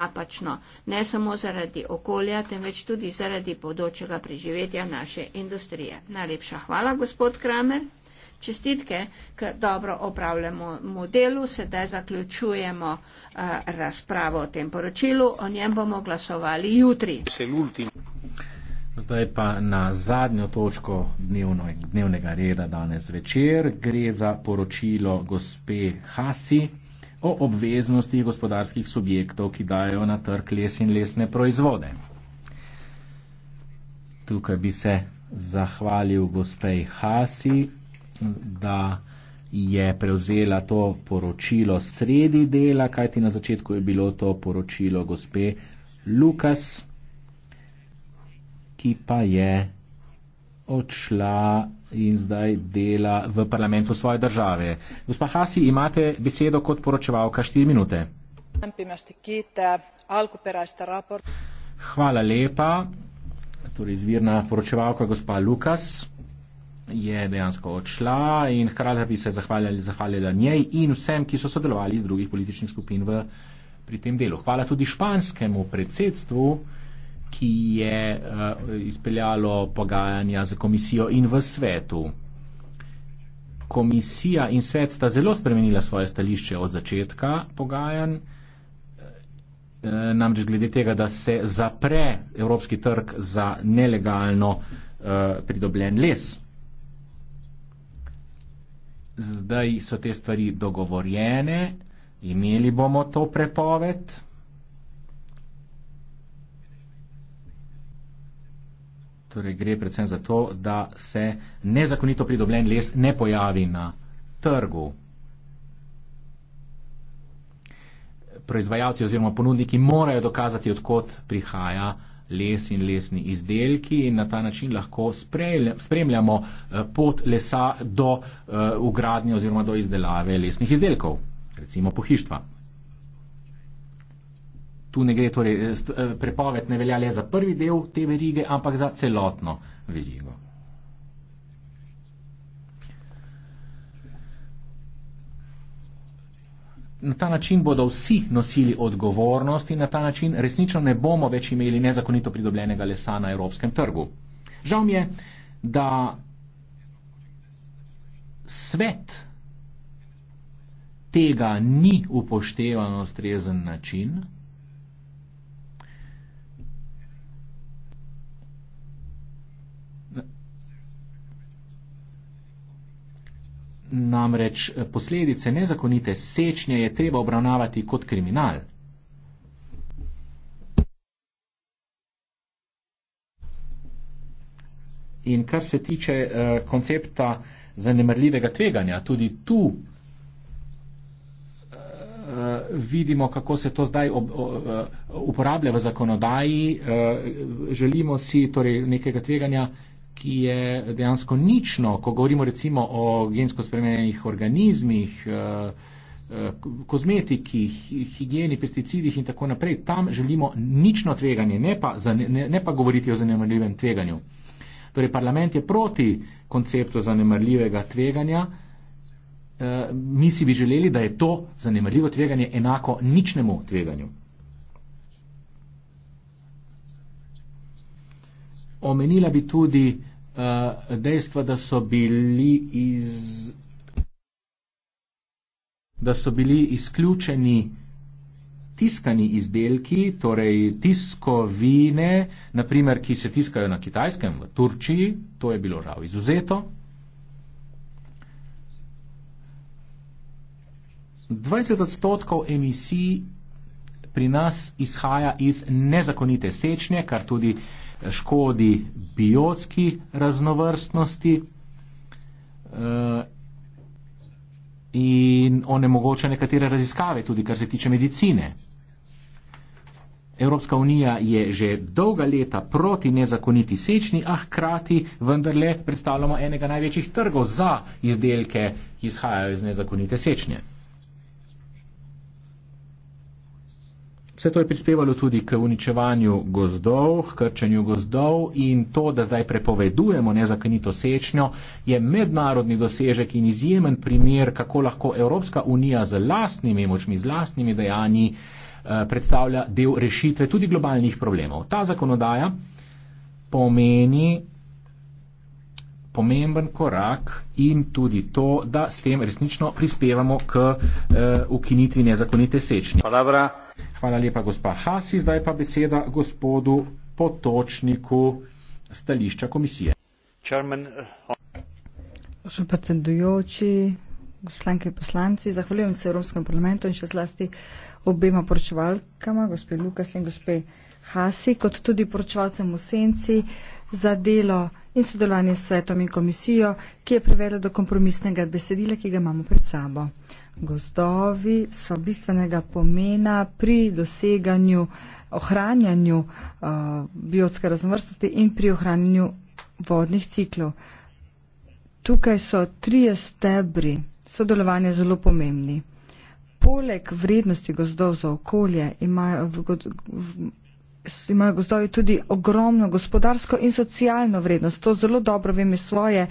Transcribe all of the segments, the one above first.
napačno, ne samo zaradi okolja, temveč tudi zaradi bodočega preživetja naše industrije. Najlepša hvala, gospod Kramer. Čestitke, ker dobro opravljamo modelu, sedaj zaključujemo uh, razpravo o tem poročilu, o njem bomo glasovali jutri. Zdaj pa na zadnjo točko dnevno, dnevnega reda danes večer gre za poročilo gospe Hasi o obveznosti gospodarskih subjektov, ki dajo na trg les in lesne proizvode. Tukaj bi se zahvalil gospej Hasi, da je prevzela to poročilo sredi dela, kajti na začetku je bilo to poročilo gospe Lukas, ki pa je odšla in zdaj dela v parlamentu svoje države. Gospa Hasi, imate besedo kot poročevalka štiri minute. Hvala lepa. Torej izvirna poročevalka gospa Lukas je dejansko odšla in hkrati bi se zahvaljali, zahvaljala njej in vsem, ki so sodelovali iz drugih političnih skupin v, pri tem delu. Hvala tudi španskemu predsedstvu ki je uh, izpeljalo pogajanja z komisijo in v svetu. Komisija in svet sta zelo spremenila svoje stališče od začetka pogajanj, uh, namreč glede tega, da se zapre evropski trg za nelegalno uh, pridobljen les. Zdaj so te stvari dogovorjene, imeli bomo to prepoved. Torej gre predvsem za to, da se nezakonito pridobljen les ne pojavi na trgu. Proizvajalci oziroma ponudniki morajo dokazati, odkot prihaja les in lesni izdelki in na ta način lahko spremljamo eh, pot lesa do ugradnje eh, oziroma do izdelave lesnih izdelkov, recimo pohištva tu ne gre, torej eh, eh, prepoved ne velja le za prvi del te verige, ampak za celotno verigo. Na ta način bodo vsi nosili odgovornost in na ta način resnično ne bomo več imeli nezakonito pridobljenega lesa na evropskem trgu. Žal mi je, da svet tega ni upošteval na ustrezen način. Namreč eh, posledice nezakonite sečnje je treba obravnavati kot kriminal. In kar se tiče eh, koncepta zanemrljivega tveganja, tudi tu eh, vidimo, kako se to zdaj ob, o, eh, uporablja v zakonodaji. Eh, želimo si torej, nekega tveganja, ki je dejansko nično, ko govorimo recimo o gensko spremenjenih organizmih, eh, eh, kozmetiki, higieni, pesticidih in tako naprej, tam želimo nično tveganje, ne pa, ne, ne pa govoriti o zanemarljivem tveganju. Torej, parlament je proti konceptu zanemarljivega tveganja. Eh, mi si bi želeli, da je to zanemarljivo tveganje enako ničnemu tveganju. Omenila bi tudi, Eh, dejstva, da so bili iz. Da so bili izključeni tiskani izdelki, torej tiskovine, naprimer, ki se tiskajo na Kitajskem, v Turčiji, to je bilo žal izuzeto. 20 odstotkov emisij pri nas izhaja iz nezakonite sečnje, kar tudi eh, škodi biotski raznovrstnosti eh, in onemogoča nekatere raziskave, tudi kar se tiče medicine. Evropska unija je že dolga leta proti nezakoniti sečni, a hkrati vendarle predstavljamo enega največjih trgov za izdelke, ki izhajajo iz nezakonite sečnje. Vse to je prispevalo tudi k uničevanju gozdov, k krčenju gozdov in to, da zdaj prepovedujemo nezakonito sečnjo, je mednarodni dosežek in izjemen primer, kako lahko Evropska unija z lastnimi močmi, z lastnimi dejanji eh, predstavlja del rešitve tudi globalnih problemov. Ta zakonodaja pomeni pomemben korak in tudi to, da s tem resnično prispevamo k eh, ukinitvi nezakonite sečnje. Hvala lepa, gospa Hasi. Zdaj pa beseda gospodu Potočniku stališča komisije. Chairman, uh, Gospod predsedujoči, poslanke in poslanci, zahvaljujem se Evropskem parlamentu in še zlasti obema poročevalkama, gospe Lukas in gospe Hasi, kot tudi poročevalcem v senci za delo in sodelovanje s svetom in komisijo, ki je privedla do kompromisnega besedila, ki ga imamo pred sabo. Gozdovi so bistvenega pomena pri doseganju, ohranjanju uh, biotske raznovrstnosti in pri ohranjanju vodnih ciklov. Tukaj so trije stebri sodelovanja zelo pomembni. Poleg vrednosti gozdov za okolje imajo v, v, v, imajo gozdovi tudi ogromno gospodarsko in socialno vrednost. To zelo dobro vem iz svoje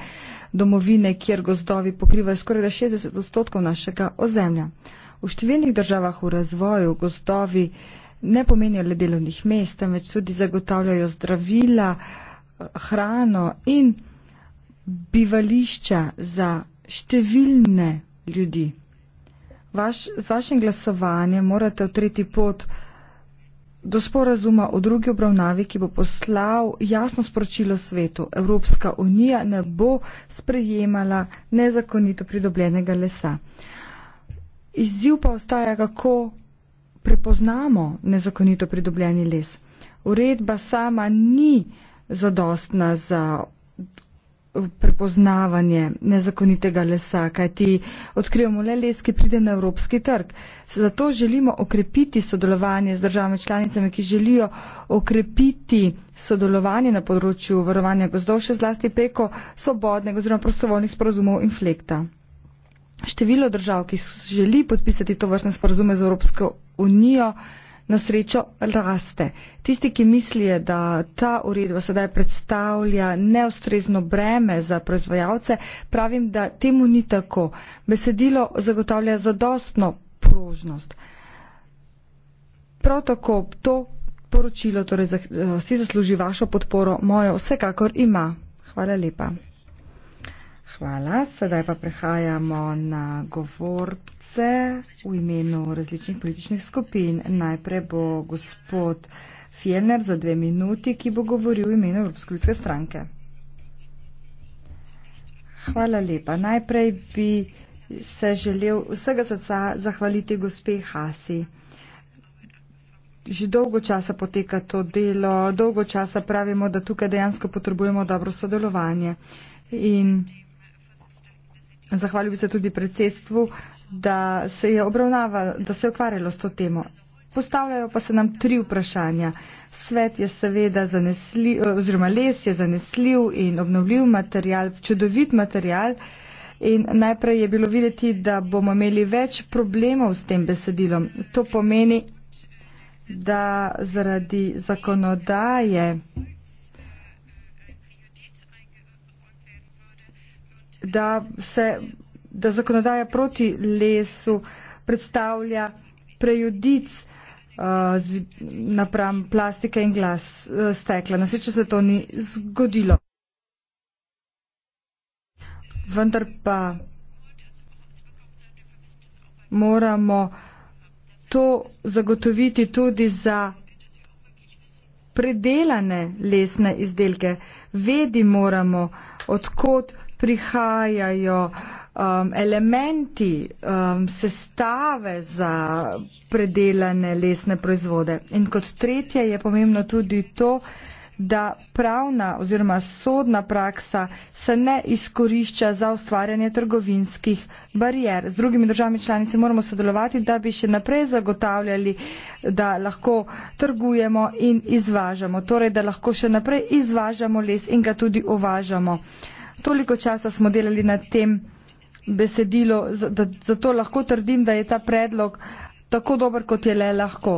domovine, kjer gozdovi pokrivajo skoraj 60 odstotkov našega ozemlja. V številnih državah v razvoju gozdovi ne pomenijo le delovnih mest, temveč tudi zagotavljajo zdravila, hrano in bivališča za številne ljudi. Vaš, z vašim glasovanjem morate otreti pot, do sporazuma o drugi obravnavi, ki bo poslal jasno sporočilo svetu. Evropska unija ne bo sprejemala nezakonito pridobljenega lesa. Izziv pa ostaja, kako prepoznamo nezakonito pridobljeni les. Uredba sama ni zadostna za prepoznavanje nezakonitega lesa, kajti odkrivamo le les, ki pride na evropski trg. Zato želimo okrepiti sodelovanje z državami članicami, ki želijo okrepiti sodelovanje na področju varovanja gozdov, še zlasti preko svobodnega oziroma prostovoljnih sporozumov inflekta. Število držav, ki želi podpisati to vrstne sporozume z Evropsko unijo, na srečo raste. Tisti, ki mislijo, da ta uredba sedaj predstavlja neustrezno breme za proizvajalce, pravim, da temu ni tako. Besedilo zagotavlja zadostno prožnost. Prav tako to poročilo torej, eh, si zasluži vašo podporo, mojo vsekakor ima. Hvala lepa. Hvala. Sedaj pa prehajamo na govorce v imenu različnih političnih skupin. Najprej bo gospod Fjellner za dve minuti, ki bo govoril v imenu Evropske ljudske stranke. Hvala lepa. Najprej bi se želel vsega srca zahvaliti gospe Hasi. Že dolgo časa poteka to delo, dolgo časa pravimo, da tukaj dejansko potrebujemo dobro sodelovanje. In Zahvalil bi se tudi predsedstvu, da se je obravnaval, da se je ukvarjalo s to temo. Postavljajo pa se nam tri vprašanja. Svet je seveda zanesljiv, oziroma les je zanesljiv in obnovljiv material, čudovit material. In najprej je bilo videti, da bomo imeli več problemov s tem besedilom. To pomeni, da zaradi zakonodaje da, se, da zakonodaja proti lesu predstavlja prejudic uh, napram plastike in glas uh, stekla. Na srečo se to ni zgodilo. Vendar pa moramo to zagotoviti tudi za predelane lesne izdelke. Vedi moramo, odkot prihajajo um, elementi, um, sestave za predelane lesne proizvode. In kot tretje je pomembno tudi to, da pravna oziroma sodna praksa se ne izkorišča za ustvarjanje trgovinskih barijer. Z drugimi državami članicami moramo sodelovati, da bi še naprej zagotavljali, da lahko trgujemo in izvažamo, torej da lahko še naprej izvažamo les in ga tudi uvažamo. Uh, toliko časa smo delali na tem besedilo, da, zato lahko trdim, da je ta predlog tako dober, kot je le lahko.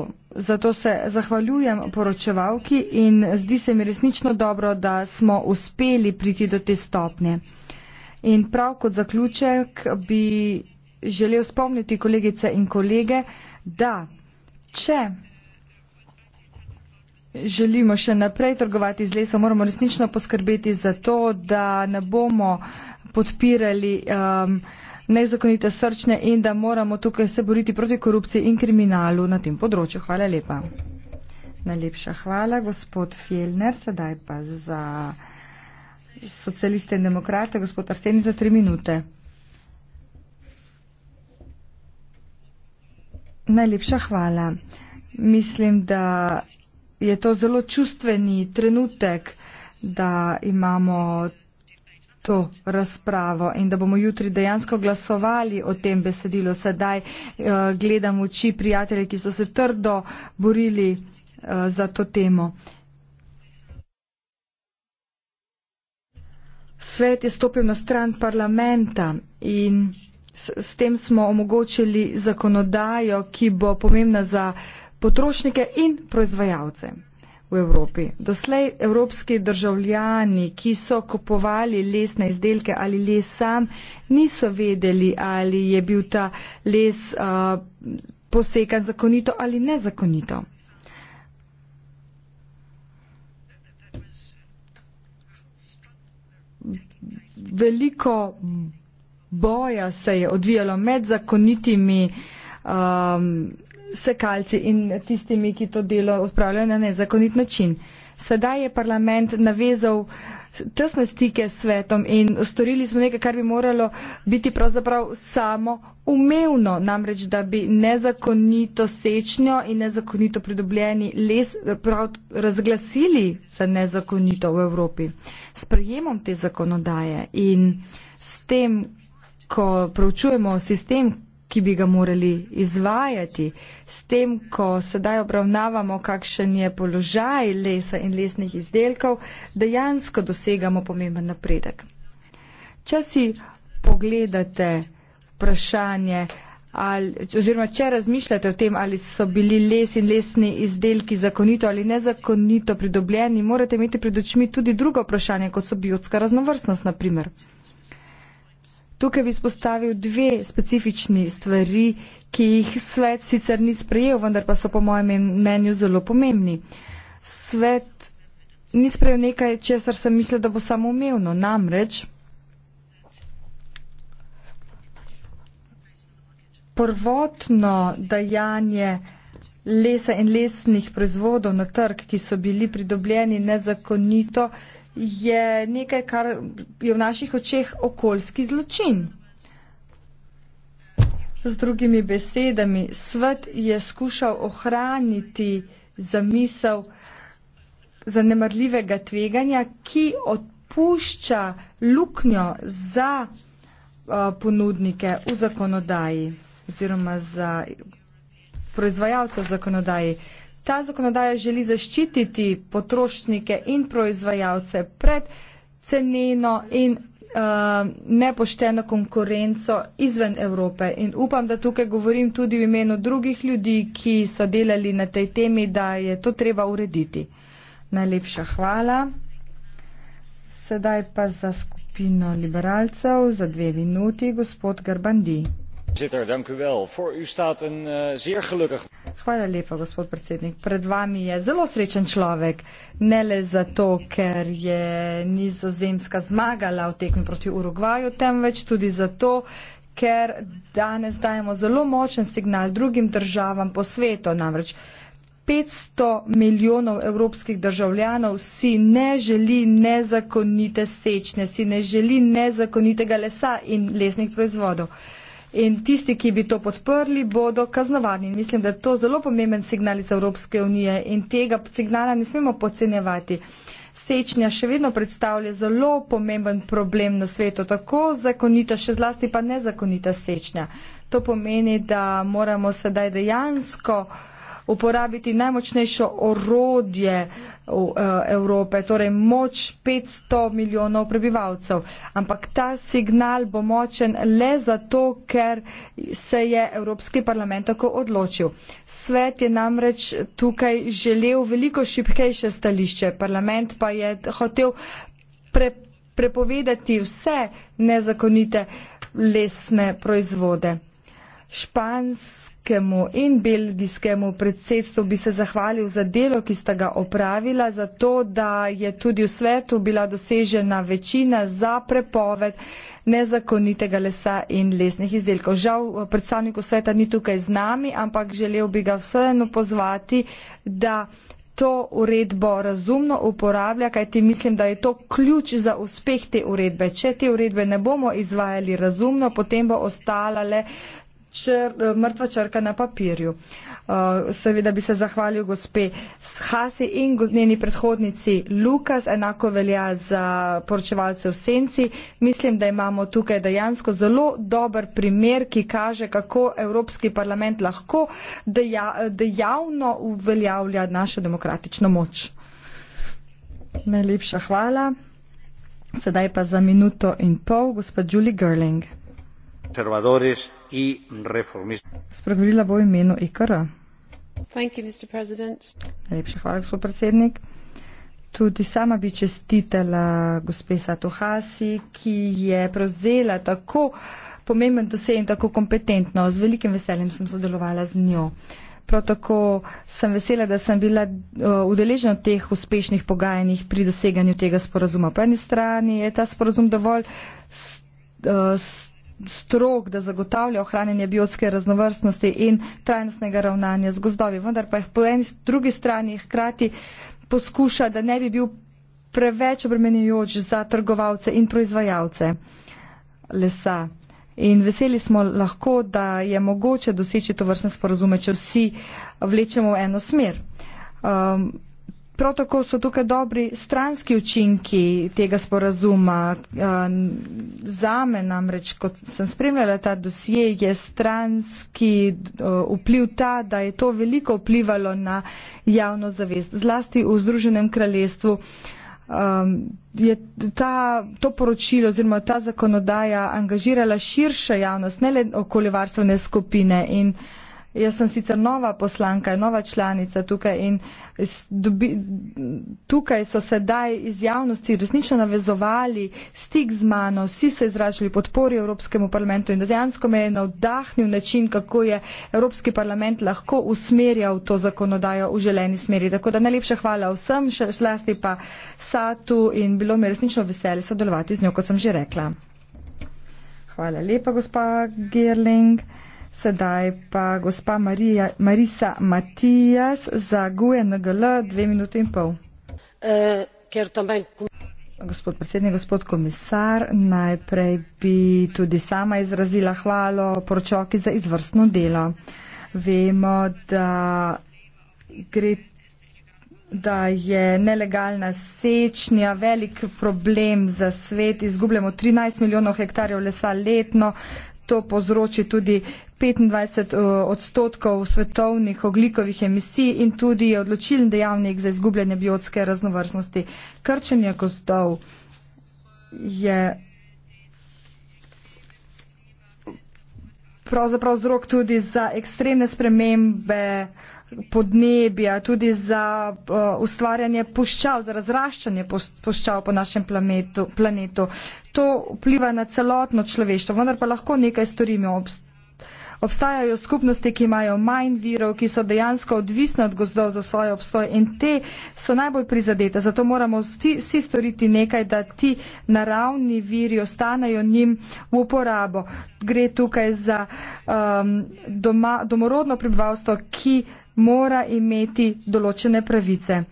Zato se zahvaljujem poročevalki in zdi se mi resnično dobro, da smo uspeli priti do te stopnje. In prav kot zaključek bi želel spomniti kolegice in kolege, da če želimo še naprej trgovati z lesom, moramo resnično poskrbeti za to, da ne bomo podpirali um, nezakonite srčne in da moramo tukaj se boriti proti korupciji in kriminalu na tem področju. Hvala lepa. Najlepša hvala, gospod Fjellner. Sedaj pa za socialiste in demokrate, gospod Arseni, za tri minute. Najlepša hvala. Mislim, da je to zelo čustveni trenutek, da imamo to razpravo in da bomo jutri dejansko glasovali o tem besedilu. Sedaj uh, gledam oči prijatelje, ki so se trdo borili uh, za to temo. Svet je stopil na stran parlamenta in s, s tem smo omogočili zakonodajo, ki bo pomembna za. Uh, potrošnike in proizvajalce. V Evropi. Doslej evropski državljani, ki so kupovali lesne izdelke ali les sam, niso vedeli, ali je bil ta les uh, posekan zakonito ali nezakonito. Veliko boja se je odvijalo med zakonitimi. Um, sekalci in tistimi, ki to delo upravljajo na nezakonit način. Sedaj je parlament navezal tesne stike s svetom in storili smo nekaj, kar bi moralo biti pravzaprav samo umevno, namreč da bi nezakonito sečnjo in nezakonito pridobljeni les prav razglasili za nezakonito v Evropi. Sprejemom te zakonodaje in s tem, ko pravčujemo sistem, ki bi ga morali izvajati. S tem, ko sedaj obravnavamo, kakšen je položaj lesa in lesnih izdelkov, dejansko dosegamo pomemben napredek. Če si pogledate vprašanje, ali, oziroma če razmišljate o tem, ali so bili les in lesni izdelki zakonito ali nezakonito pridobljeni, morate imeti pred očmi tudi drugo vprašanje, kot so biotska raznovrstnost, naprimer. Tukaj bi spostavil dve specifični stvari, ki jih svet sicer ni sprejel, vendar pa so po mojem mnenju zelo pomembni. Svet ni sprejel nekaj, česar sem mislil, da bo samo umevno. Namreč prvotno dajanje lesa in lesnih proizvodov na trg, ki so bili pridobljeni nezakonito, je nekaj, kar je v naših očeh okoljski zločin. Z drugimi besedami, svet je skušal ohraniti zamisel zanemrljivega tveganja, ki odpušča luknjo za ponudnike v zakonodaji oziroma za proizvajalce v zakonodaji. Ta zakonodaja želi zaščititi potrošnike in proizvajalce pred ceneno in uh, nepošteno konkurenco izven Evrope. In upam, da tukaj govorim tudi v imenu drugih ljudi, ki so delali na tej temi, da je to treba urediti. Najlepša hvala. Sedaj pa za skupino liberalcev za dve minuti gospod Garbandi voorzitter voor u staat een uh, zeer gelukkig. Hvala lepa, gospod predsednik. Pred vami je zelo srečen človek. Ne le zato, ker je nizozemska zmagala v tekmi proti Urugvaju, temveč tudi zato, ker danes dajemo zelo močen signal drugim državam po svetu. Namreč 500 milijonov evropskih državljanov si ne želi nezakonite sečne, si ne želi nezakonitega lesa in lesnih proizvodov in tisti, ki bi to podprli, bodo kaznovani. Mislim, da je to zelo pomemben signal iz Evropske unije in tega signala ne smemo podcenjevati. Sečnja še vedno predstavlja zelo pomemben problem na svetu, tako zakonita, še zlasti pa nezakonita sečnja. To pomeni, da moramo sedaj dejansko uh, uporabiti najmočnejšo orodje eh, Evrope, torej moč 500 milijonov prebivalcev. Ampak ta signal bo močen le zato, ker se je Evropski parlament tako odločil. Svet je namreč tukaj želel veliko šipkejše stališče, parlament pa je hotel pre, prepovedati vse nezakonite lesne proizvode španskemu in belgijskemu predsedstvu bi se zahvalil za delo, ki sta ga opravila, za to, da je tudi v svetu bila dosežena večina za prepoved nezakonitega lesa in lesnih izdelkov. Žal predstavnikov sveta ni tukaj z nami, ampak želel bi ga vseeno pozvati, da to uredbo razumno uporablja, kajti mislim, da je to ključ za uspeh te uredbe. Če te uredbe ne bomo izvajali razumno, potem bo ostala le čr, eh, mrtva črka na papirju. Eh, seveda bi se zahvalil gospe Hasi in njeni predhodnici Lukas, enako velja za poročevalce v Senci. Mislim, da imamo tukaj dejansko zelo dober primer, ki kaže, kako Evropski parlament lahko dejavno uveljavlja našo demokratično moč. Najlepša hvala. Sedaj pa za minuto in pol gospod Julie Gerling. Observadores i reformista. Spremenila bo imeno IKR. Najlepša hvala, gospod predsednik. Tudi sama bi čestitala gospe Satohasi, ki je prevzela tako pomemben dosej in tako kompetentno. Z velikim veseljem sem sodelovala z njo. Prav tako sem vesela, da sem bila udeležena uh, teh uspešnih pogajanjih pri doseganju tega sporazuma. Po eni strani je ta sporazum dovolj st, uh, strog, da zagotavlja ohranjanje biotske raznovrstnosti in trajnostnega ravnanja z gozdovi, vendar pa jih po eni drugi strani hkrati poskuša, da ne bi bil preveč obremenjujoč za trgovalce in proizvajalce lesa. In veseli smo lahko, da je mogoče doseči to vrstne sporozume, če vsi vlečemo v eno smer. Um, Prav tako so tukaj dobri stranski učinki tega sporazuma. Eh, zame namreč, kot sem spremljala ta dosje, je stranski eh, vpliv ta, da je to veliko vplivalo na javno zavest. Zlasti v Združenem kraljestvu ehm, je ta, to poročilo oziroma ta zakonodaja angažirala širša javnost, ne le okoljevarstvene skupine. In, uh, jaz sem sicer nova poslanka, nova članica tukaj in dobi, tukaj so sedaj iz javnosti resnično navezovali stik z mano, vsi so izražali podporo Evropskemu parlamentu in dejansko me je navdahnil način, kako je Evropski parlament lahko usmerjal to zakonodajo v želeni smeri. Tako da najlepša hvala vsem, še zlasti pa Satu in bilo mi resnično veselje sodelovati z njo, kot sem že rekla. Hvala lepa, gospa Gerling. Sedaj pa gospa Marija, Marisa Matijas za GUNGL, e dve minuti in pol. E, tamen... Gospod predsednik, gospod komisar, najprej bi tudi sama izrazila hvalo poročoki za izvrstno delo. Vemo, da, gre, da je nelegalna sečnja velik problem za svet. Izgubljamo 13 milijonov hektarjev lesa letno, to povzroči tudi 25 eh, odstotkov svetovnih oglikovih emisij in tudi je odločilen dejavnik za izgubljanje biotske raznovrstnosti. Krčenje gozdov je pravzaprav vzrok tudi za ekstremne spremembe podnebja, tudi za uh, ustvarjanje puščav, za razraščanje puščav po našem planetu. To vpliva na celotno človeštvo, vendar pa lahko nekaj storimo. Obst Obstajajo skupnosti, ki imajo manj virov, ki so dejansko odvisne od gozdov za svoj obstoj in te so najbolj prizadete. Zato moramo vsi storiti nekaj, da ti naravni viri ostanejo njim v uporabo. Gre tukaj za um, doma, domorodno prebivalstvo, ki mora imeti določene pravice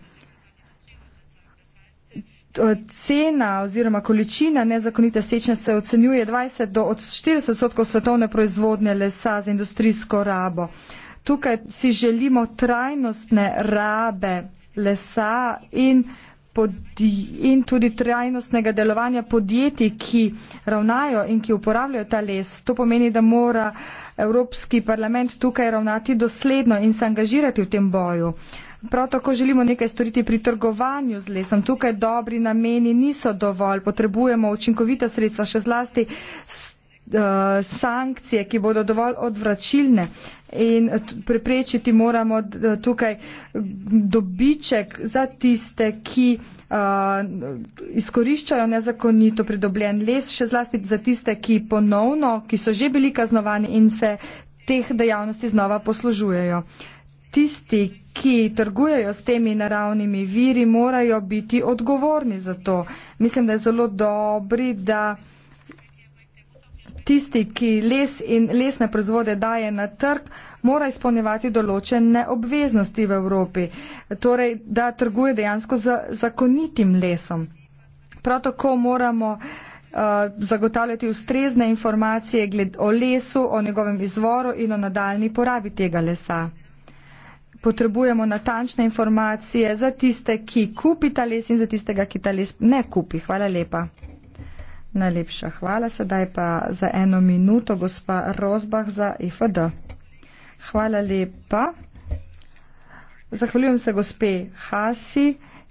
cena oziroma količina nezakonite sečne se ocenjuje 20 do 40 odstotkov svetovne proizvodne lesa za industrijsko rabo. Tukaj si želimo trajnostne rabe lesa in, podi, in tudi trajnostnega delovanja podjetij, ki ravnajo in ki uporabljajo ta les. To pomeni, da mora Evropski parlament tukaj ravnati dosledno in se angažirati v tem boju. Prav tako želimo nekaj storiti pri trgovanju z lesom. Tukaj dobri nameni niso dovolj. Potrebujemo učinkovita sredstva, še zlasti eh, sankcije, ki bodo dovolj odvračilne in preprečiti moramo tukaj dobiček za tiste, ki uh, izkoriščajo nezakonito pridobljen les, še zlasti za tiste, ki ponovno, ki so že bili kaznovani in se teh dejavnosti znova poslužujejo. Tisti, ki trgujejo s temi naravnimi viri, morajo biti odgovorni za to. Mislim, da je zelo dobri, da tisti, ki les in lesne proizvode daje na trg, mora izpolnjevati določene obveznosti v Evropi. Torej, da trguje dejansko z zakonitim lesom. Prav tako moramo eh, zagotavljati ustrezne informacije o lesu, o njegovem izvoru in o nadaljni porabi tega lesa potrebujemo natančne informacije za tiste, ki kupi ta les in za tistega, ki ta les ne kupi. Hvala lepa. Najlepša hvala. Sedaj pa za eno minuto, gospa Rozbah za IFD. E hvala lepa. Zahvaljujem se gospe Hasi,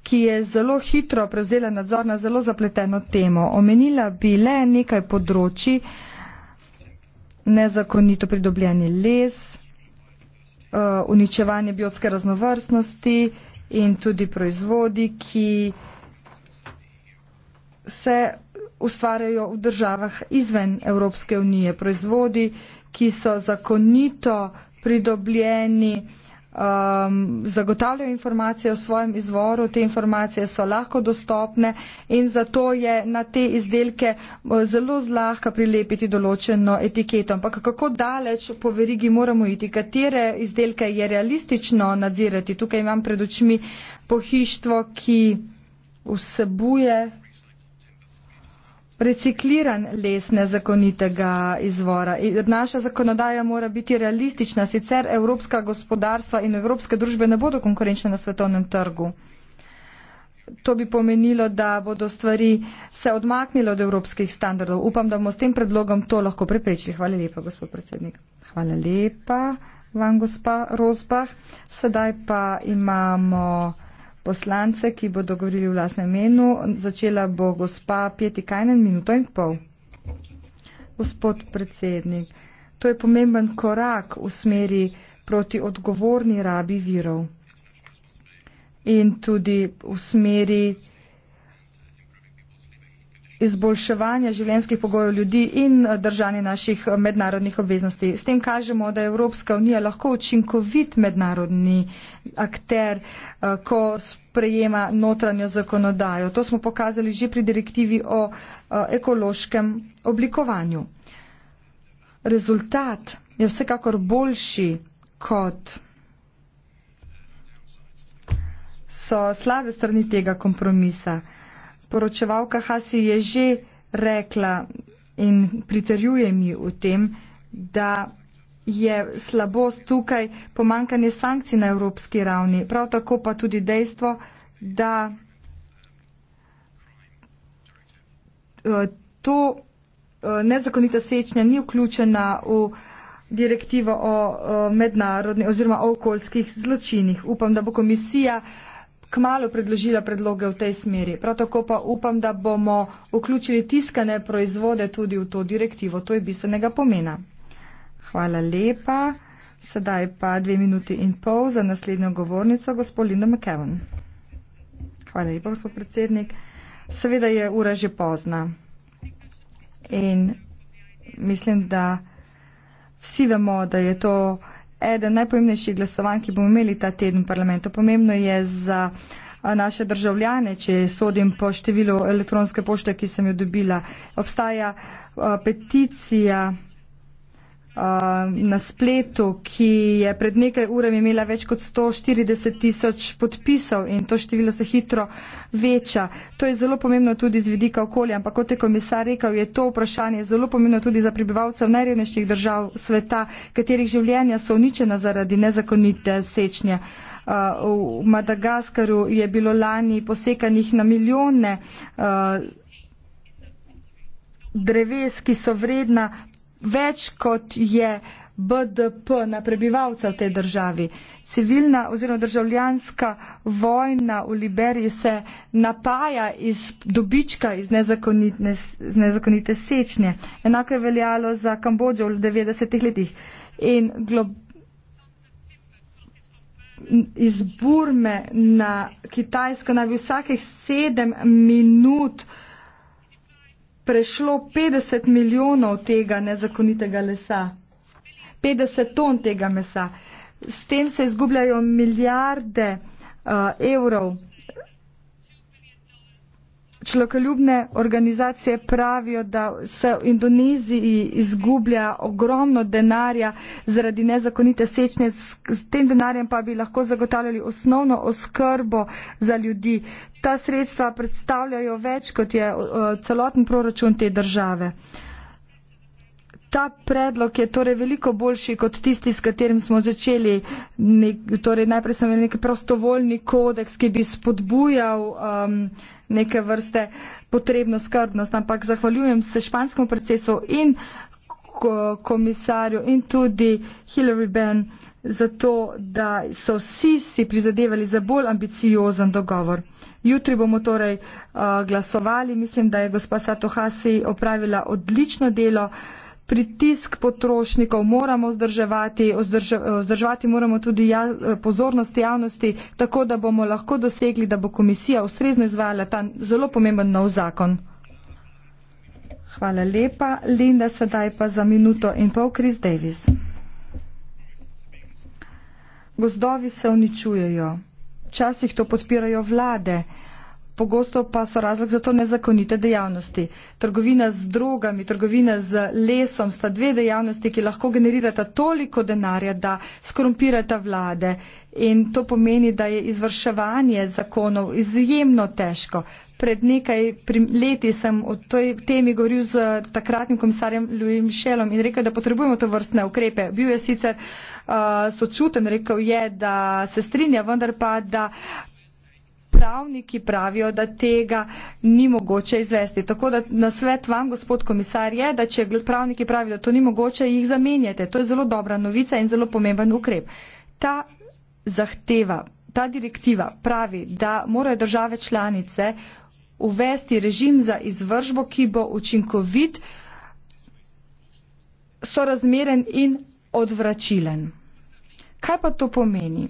ki je zelo hitro prevzela nadzor na zelo zapleteno temo. Omenila bi le nekaj področji, nezakonito pridobljeni les, Eh, uničevanje biotske raznovrstnosti in tudi proizvodi, ki se ustvarjajo v državah izven Evropske unije. Proizvodi, ki so zakonito pridobljeni um, zagotavljajo informacije o svojem izvoru, te informacije so lahko dostopne in zato je na te izdelke uh, zelo zlahka prilepiti določeno etiketo. Ampak kako daleč po verigi moramo iti, katere izdelke je realistično nadzirati? Tukaj imam pred očmi pohištvo, ki vsebuje Recikliran les nezakonitega izvora. Naša zakonodaja mora biti realistična, sicer evropska gospodarstva in evropske družbe ne bodo konkurenčne na svetovnem trgu. To bi pomenilo, da bodo stvari se odmaknile od evropskih standardov. Upam, da bomo s tem predlogom to lahko preprečili. Hvala lepa, gospod predsednik. Hvala lepa vam, gospa Rozbah. Sedaj pa imamo poslance, ki bodo govorili v vlastnem imenu. Začela bo gospa Peti Kajnen, minuto in pol. Gospod predsednik, to je pomemben korak v smeri proti odgovorni rabi virov in tudi v smeri izboljševanja življenjskih pogojev ljudi in eh, držanje naših eh, mednarodnih obveznosti. S tem kažemo, da je Evropska unija lahko učinkovit mednarodni eh, akter, ko sprejema notranjo zakonodajo. To smo pokazali že pri direktivi o ekološkem oblikovanju. Rezultat je vsekakor boljši kot so slabe strani tega kompromisa poročevalka Hasi je že rekla in pritrjuje mi v tem, da je slabost tukaj pomankanje sankcij na evropski ravni. Prav tako pa tudi dejstvo, da eh, to eh, nezakonita sečnja ni vključena v direktivo o eh, mednarodni oziroma o okoljskih zločinih. Upam, da bo komisija kmalo predložila predloge v tej smeri. Prav tako pa upam, da bomo vključili tiskane proizvode tudi v to direktivo. To je bistvenega pomena. Hvala lepa. Sedaj pa dve minuti in pol za naslednjo govornico, gospod Linda McKevon. Hvala lepa, gospod predsednik. Seveda je ura že pozna. In mislim, da vsi vemo, da je to eden najpomembnejših glasovanj, ki bomo imeli ta teden v parlamentu. Pomembno je za naše državljane, če sodim po številu elektronske pošte, ki sem jo dobila. Obstaja uh, peticija. Eh, na spletu, ki je pred nekaj urami imela več kot 140 tisoč podpisov in to število se hitro veča. To je zelo pomembno tudi z vidika okolja, ampak kot je komisar rekel, je to vprašanje zelo pomembno tudi za prebivalcev najrevnejših držav sveta, katerih življenja so uničena zaradi nezakonite sečnje. Eh, v Madagaskaru je bilo lani posekanih na milijone eh, dreves, ki so vredna več kot je BDP na prebivalca v tej državi. Civilna oziroma državljanska vojna v Liberiji se napaja iz dobička, iz nezakonite, iz nezakonite sečnje. Enako je veljalo za Kambodžo v 90-ih letih. In iz Burme na Kitajsko naj bi vsakih sedem minut uh, prešlo 50 milijonov tega nezakonitega lesa, 50 ton tega mesa. S tem se izgubljajo milijarde uh, evrov človekoljubne organizacije pravijo, da se v Indoneziji izgublja ogromno denarja zaradi nezakonite sečnje, s tem denarjem pa bi lahko zagotavljali osnovno oskrbo za ljudi. Ta sredstva predstavljajo več, kot je eh, celoten proračun te države ta predlog je torej veliko boljši kot tisti, s katerim smo začeli. Nek, torej najprej smo imeli nek prostovoljni kodeks, ki bi spodbujal um, neke vrste potrebno skrbnost, ampak zahvaljujem se španskemu predsedstvu in ko, komisarju in tudi Hillary Benn za to, da so vsi si prizadevali za bolj ambiciozen dogovor. Jutri bomo torej uh, glasovali. Mislim, da je gospa Satohasi opravila odlično delo. Uh, pritisk potrošnikov moramo vzdrževati, vzdrževati moramo tudi ja, pozornost javnosti, tako da bomo lahko dosegli, da bo komisija ustrezno izvajala ta zelo pomemben nov zakon. Hvala lepa. Linda sedaj pa za minuto in pol, Chris Davis. Gozdovi se uničujejo. Včasih to podpirajo vlade, pogosto pa so razlog za to nezakonite dejavnosti. Trgovina z drogami, trgovina z lesom sta dve dejavnosti, ki lahko generirata toliko denarja, da skorumpirata vlade. In to pomeni, da je izvrševanje zakonov izjemno težko. Pred nekaj leti sem o tej temi govoril z takratnim komisarjem Louisom Šelom in rekel, da potrebujemo to vrstne ukrepe. Bil je sicer uh, sočuten, rekel je, da se strinja, vendar pa, da pravniki pravijo, da tega ni mogoče izvesti. Tako da na svet vam, gospod komisar, je, da če pravniki pravijo, da to ni mogoče, jih zamenjate. To je zelo dobra novica in zelo pomemben ukrep. Ta zahteva, ta direktiva pravi, da morajo države članice uvesti režim za izvržbo, ki bo učinkovit, sorazmeren in odvračilen. Kaj pa to pomeni?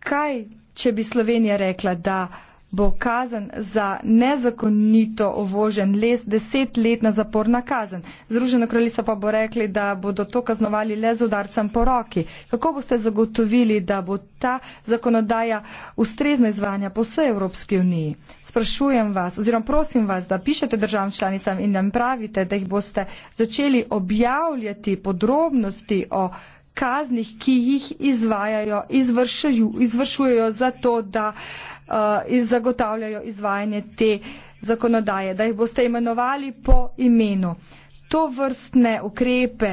Kaj če bi Slovenija rekla, da bo kazen za nezakonito ovožen les desetletna zaporna kazen. Združeno kraljico pa bo rekli, da bodo to kaznovali le z udarcem po roki. Kako boste zagotovili, da bo ta zakonodaja ustrezno izvanja po vsej Evropski uniji? Sprašujem vas, oziroma prosim vas, da pišete državam članicam in nam pravite, da jih boste začeli objavljati podrobnosti o kaznih, ki jih izvajajo, izvršujejo za to, da uh, zagotavljajo izvajanje te zakonodaje, da jih boste imenovali po imenu. To vrstne ukrepe,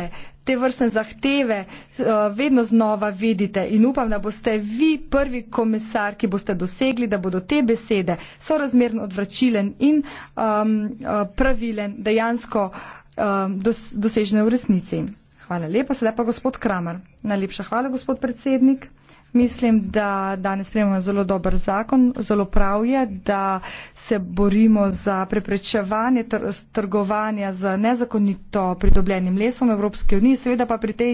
te vrstne zahteve uh, vedno znova vidite in upam, da boste vi prvi komisar, ki boste dosegli, da bodo te besede sorazmerno odvračilen in um, pravilen dejansko um, dos, dosežene v resnici. Hvala lepa. Sedaj pa gospod Kramer. Najlepša hvala, gospod predsednik. Mislim, da danes sprejemamo zelo dober zakon, zelo prav je, da se borimo za preprečevanje tr trgovanja z nezakonito pridobljenim lesom v Evropski uniji. Seveda pa pri tej,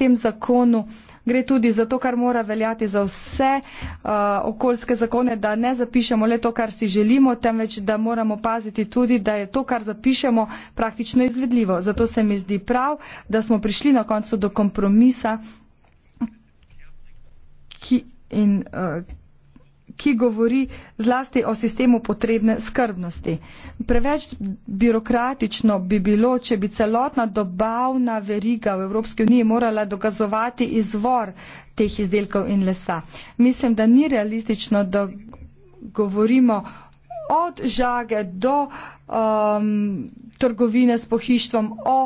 tem zakonu uh, gre tudi za to, kar mora veljati za vse uh, okoljske zakone, da ne zapišemo le to, kar si želimo, temveč da moramo paziti tudi, da je to, kar zapišemo, praktično izvedljivo. Zato se mi zdi prav, da smo prišli na koncu do kompromisa, ki in. Uh, ki govori zlasti o sistemu potrebne skrbnosti. Preveč birokratično bi bilo, če bi celotna dobavna veriga v Evropski uniji morala dokazovati izvor teh izdelkov in lesa. Mislim, da ni realistično, da govorimo od žage do um, trgovine s pohištvom o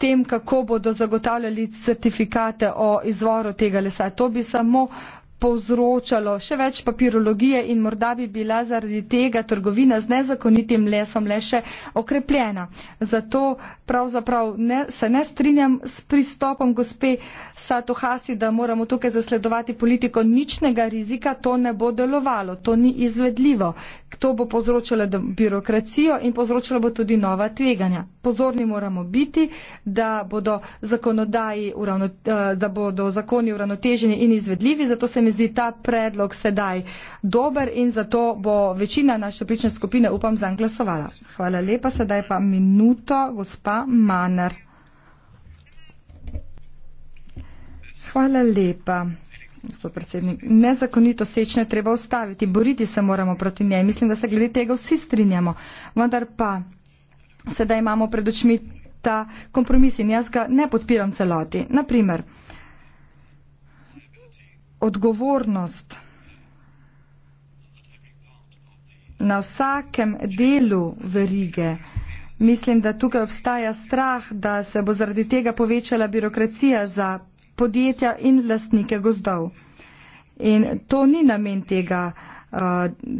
tem, kako bodo zagotavljali certifikate o izvoru tega lesa. To bi samo uh, povzročalo še več papirologije in morda bi bila zaradi tega trgovina z nezakonitim lesom le še okrepljena. Zato pravzaprav ne, se ne strinjam s pristopom gospe Satohasi, da moramo tukaj zasledovati politiko ničnega rizika, to ne bo delovalo, to ni izvedljivo. To bo povzročalo birokracijo in povzročalo bo tudi nova tveganja. Pozorni moramo biti, da bodo, uravno, eh, da bodo zakoni uravnoteženi in izvedljivi, zato se mi mi zdi ta predlog sedaj dober in zato bo večina naše plične skupine, upam, zanj glasovala. Hvala lepa, sedaj pa minuto, gospa Manar. Hvala lepa. Nezakonito sečno je treba ustaviti, boriti se moramo proti njej. Mislim, da se glede tega vsi strinjamo. Vendar pa sedaj imamo pred očmi ta kompromis in jaz ga ne podpiram celoti. Naprimer, odgovornost na vsakem delu verige. Mislim, da tukaj obstaja strah, da se bo zaradi tega povečala birokracija za podjetja in lastnike gozdov. In to ni namen tega uh,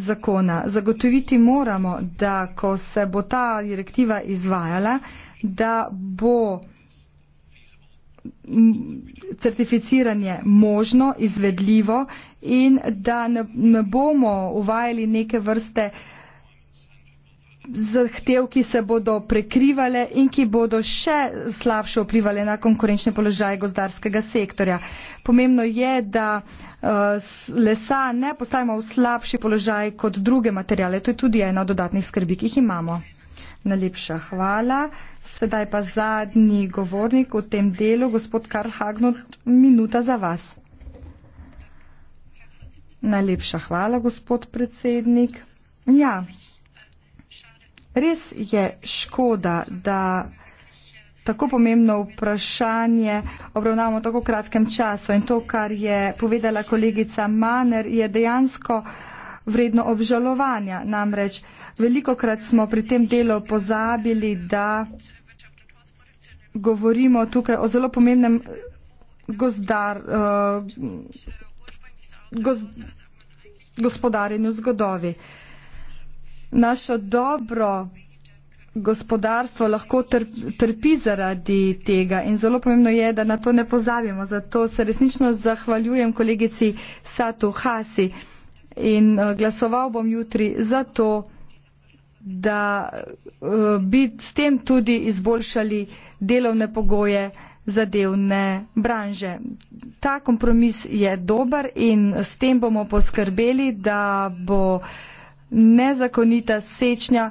zakona. Zagotoviti moramo, da ko se bo ta direktiva izvajala, da bo certificiranje možno, izvedljivo in da ne, ne bomo uvajali neke vrste zahtev, ki se bodo prekrivale in ki bodo še slabše vplivali na konkurenčne položaje gozdarskega sektorja. Pomembno je, da uh, lesa ne postavimo v slabši položaj kot druge materijale. To je tudi ena od dodatnih skrbi, ki jih imamo. Najlepša hvala. Sedaj pa zadnji govornik v tem delu, gospod Karl Hagnot, minuta za vas. Najlepša hvala, gospod predsednik. Ja, res je škoda, da tako pomembno vprašanje obravnavamo v tako kratkem času in to, kar je povedala kolegica Maner, je dejansko vredno obžalovanja. Namreč veliko krat smo pri tem delu pozabili, da govorimo tukaj o zelo pomembnem eh, gozdar, uh, goz, gospodarjenju zgodovi. Naše dobro gospodarstvo lahko ter, trpi zaradi tega in zelo pomembno je, da na to ne pozabimo. Zato se resnično zahvaljujem kolegici Satu Hasi in uh, glasoval bom jutri za to da eh, bi s tem tudi izboljšali delovne pogoje zadevne branže. Ta kompromis je dober in s tem bomo poskrbeli, da bo nezakonita sečnja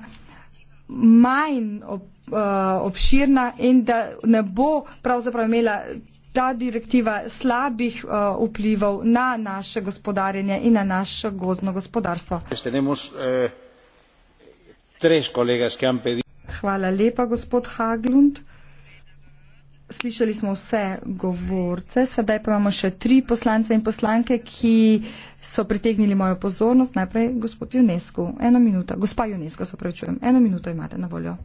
manj ob, uh, obširna in da ne bo pravzaprav imela ta direktiva slabih uh, vplivov na naše gospodarjenje in na naše gozno gospodarstvo. Če tenemos, eh... Hvala lepa, gospod Haglund. Slišali smo vse govorce, sedaj pa imamo še tri poslance in poslanke, ki so pritegnili mojo pozornost. Najprej gospod UNESCO. Eno minuto. Gospa UNESCO, se opravičujem. Eno minuto imate na voljo.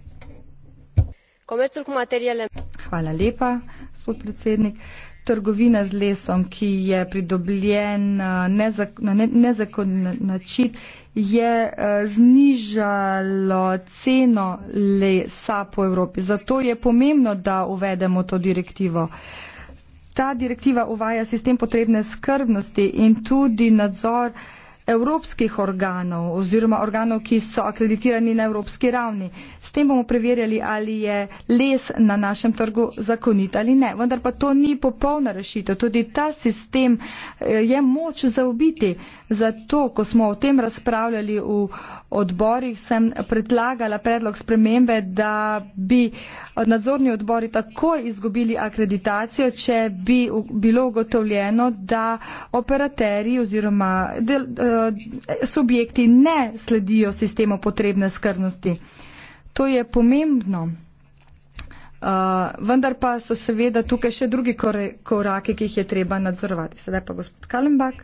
Hvala lepa, gospod predsednik. Trgovina z lesom, ki je pridobljen eh, na nezakon način, je eh, znižalo ceno lesa po Evropi. Zato je pomembno, da uvedemo to direktivo. Ta direktiva uvaja sistem potrebne skrbnosti in tudi nadzor evropskih organov oziroma organov, ki so akreditirani na evropski ravni. S tem bomo preverjali, ali je les na našem trgu zakonit ali ne. Vendar pa to ni popolna rešitev. Tudi ta sistem eh, je moč zaobiti. Zato, ko smo o tem razpravljali v odborih sem predlagala predlog spremembe, da bi nadzorni odbori takoj izgubili akreditacijo, če bi bilo ugotovljeno, da operaterji oziroma del, eh, subjekti ne sledijo sistemu potrebne skrbnosti. To je pomembno. Uh, vendar pa so seveda tukaj še drugi kore, korake, ki jih je treba nadzorovati. Sedaj pa gospod Kalembak.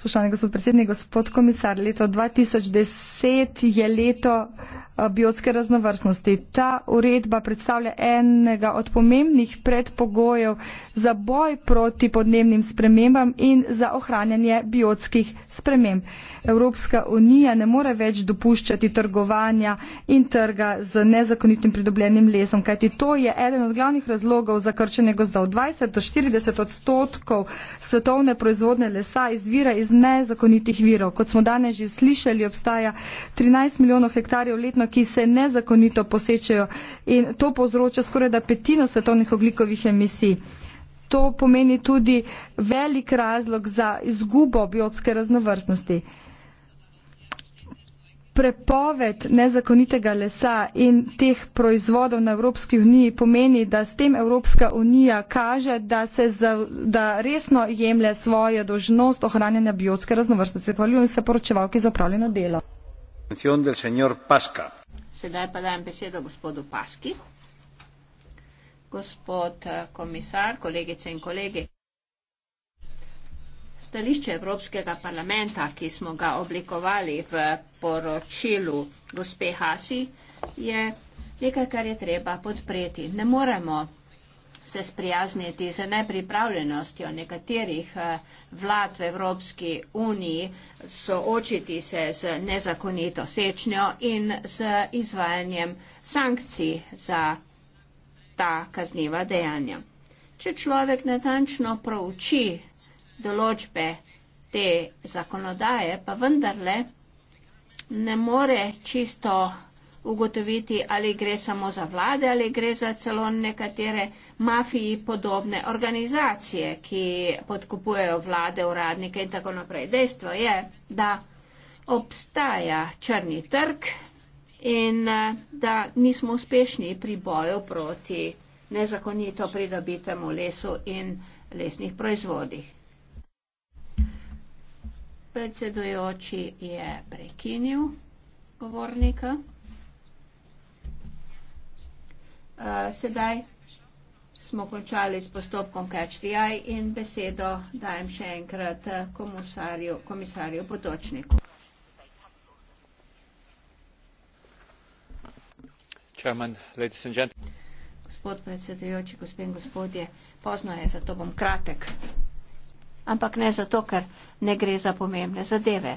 Spoštovani gospod predsednik, gospod komisar, leto 2010 je leto eh, biotske raznovrstnosti. Ta uredba predstavlja enega od pomembnih predpogojev za boj proti podnebnim spremembam in za ohranjanje biotskih sprememb. Evropska unija ne more več dopuščati trgovanja in trga z nezakonitim pridobljenim lesom, kajti to je eden od glavnih razlogov za krčenje gozdov. 20 do 40 odstotkov svetovne proizvodne lesa izvira iz nezakonitih virov. Kot smo danes že slišali, obstaja 13 milijonov hektarjev letno, ki se nezakonito posečejo in to povzroča skoraj da petino svetovnih oglikovih emisij. To pomeni tudi velik razlog za izgubo biotske raznovrstnosti prepoved nezakonitega lesa in teh proizvodov na Evropski uniji pomeni, da s tem Evropska unija kaže, da se za, da resno jemlje svojo dožnost ohranjanja biotske raznovrstnosti. Zahvaljujem se poročevalki za opravljeno delo. Sedaj pa dajem besedo gospodu Paski. Gospod eh, komisar, kolegice in kolegi. Stališče Evropskega parlamenta, ki smo ga oblikovali v poročilu gospe Hasi, je nekaj, kar je treba podpreti. Ne moremo se sprijazniti z nepripravljenostjo nekaterih eh, vlad v Evropski uniji soočiti se z nezakonito sečnjo in z izvajanjem sankcij za ta kazniva dejanja. Če človek natančno prouči določbe te zakonodaje, pa vendarle ne more čisto ugotoviti, ali gre samo za vlade, ali gre za celo nekatere mafiji podobne organizacije, ki podkupujejo vlade, uradnike in tako naprej. Dejstvo je, da obstaja črni trg in da nismo uspešni pri boju proti nezakonito pridobitemu lesu in lesnih proizvodih. Predsedujoči je prekinil govornika. Uh, sedaj smo končali s postopkom catch the eye in besedo dajem še enkrat komisarju, komisarju Potočniku. Gospod predsedujoči, gospe in gospodje, pozno je, zato bom kratek ampak ne zato, ker ne gre za pomembne zadeve.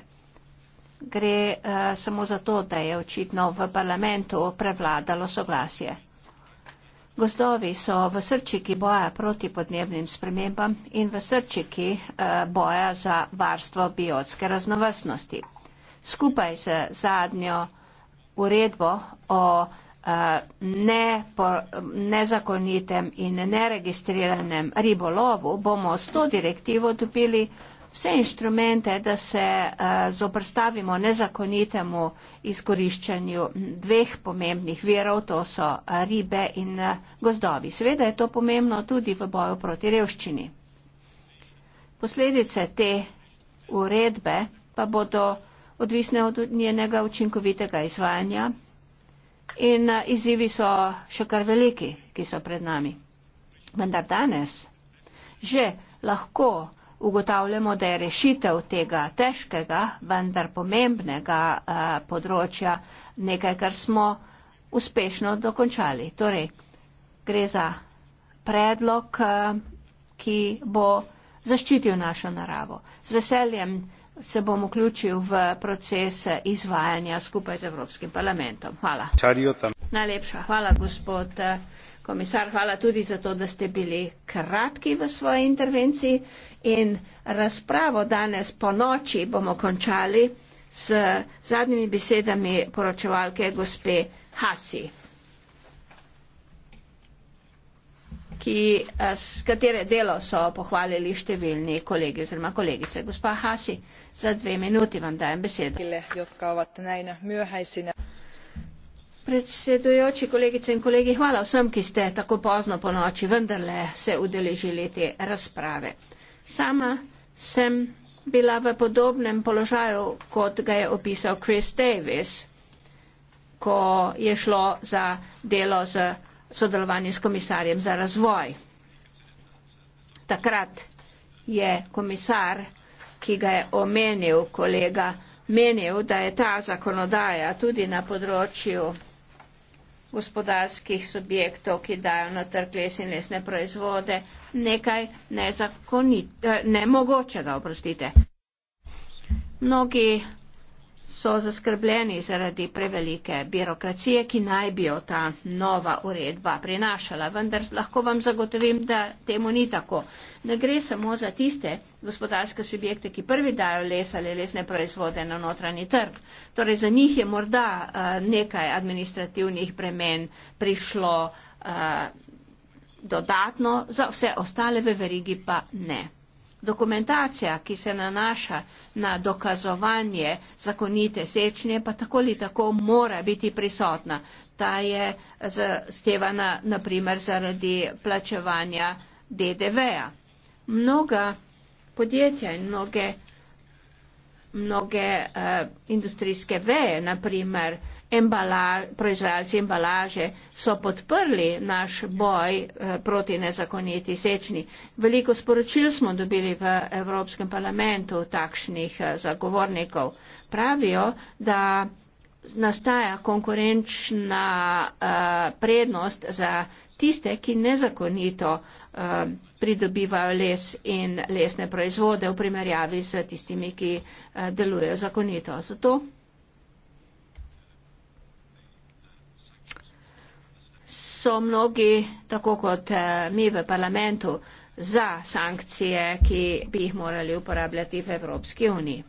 Gre uh, samo zato, da je očitno v parlamentu prevladalo soglasje. Gozdovi so v srčiki boja proti podnebnim spremembam in v srčiki uh, boja za varstvo biotske raznovrstnosti. Skupaj z zadnjo uredbo o nezakonitem in neregistriranem ribolovu, bomo s to direktivo dobili vse inštrumente, da se eh, zoprstavimo nezakonitemu izkoriščanju dveh pomembnih verov, to so eh, ribe in eh, gozdovi. Sveda je to pomembno tudi v boju proti revščini. Posledice te uredbe pa bodo odvisne od njenega učinkovitega izvajanja, In eh, izzivi so še kar veliki, ki so pred nami. Vendar danes že lahko ugotavljamo, da je rešitev tega težkega, vendar pomembnega eh, področja nekaj, kar smo uspešno dokončali. Torej, gre za predlog, eh, ki bo zaščitil našo naravo. Z veseljem se bom vključil v proces izvajanja skupaj z Evropskim parlamentom. Hvala. Najlepša hvala, gospod eh, komisar. Hvala tudi za to, da ste bili kratki v svoji intervenciji. In razpravo danes po noči bomo končali z zadnjimi besedami poročevalke gospe Hasi. ki, eh, s katere delo so pohvalili številni kolegi oziroma kolegice. Gospa Hasi, za dve minuti vam dajem besedo. Predsedujoči kolegice in kolegi, hvala vsem, ki ste tako pozno po noči vendarle se udeležili te razprave. Sama sem bila v podobnem položaju, kot ga je opisal Chris Davis, ko je šlo za delo z sodelovanje s komisarjem za razvoj. Takrat je komisar, ki ga je omenil kolega, menil, da je ta zakonodaja tudi na področju gospodarskih subjektov, ki dajo na trg lesne in lesne proizvode, nekaj nezakonit, eh, nemogočega, oprostite. Mnogi so zaskrbljeni zaradi prevelike birokracije, ki naj bi jo ta nova uredba prinašala. Vendar lahko vam zagotovim, da temu ni tako. Ne gre samo za tiste gospodarske subjekte, ki prvi dajo les ali lesne proizvode na notranji trg. Torej za njih je morda uh, nekaj administrativnih bremen prišlo uh, dodatno, za vse ostale v verigi pa ne. Dokumentacija, ki se nanaša na dokazovanje zakonite sečnje, pa takoli tako mora biti prisotna. Ta je zahtevana naprimer zaradi plačevanja DDV-ja. Mnoga podjetja in mnoge, mnoge uh, industrijske veje, naprimer, uh, embala, proizvajalci embalaže so podprli naš boj eh, proti nezakoniti sečni. Veliko sporočil smo dobili v Evropskem parlamentu takšnih eh, zagovornikov. Pravijo, da nastaja konkurenčna eh, prednost za tiste, ki nezakonito pridobivajo les in lesne proizvode v primerjavi s tistimi, ki delujejo zakonito. Zato so mnogi, tako kot eh, mi v parlamentu, za sankcije, ki bi jih morali uporabljati v Evropski uniji.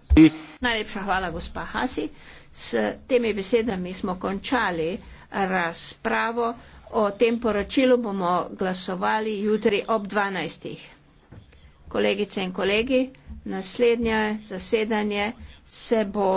Najlepša hvala, gospa Hasi. S temi besedami smo končali razpravo. O tem poročilu bomo glasovali jutri ob 12. Kolegice in kolegi, naslednje zasedanje se bo.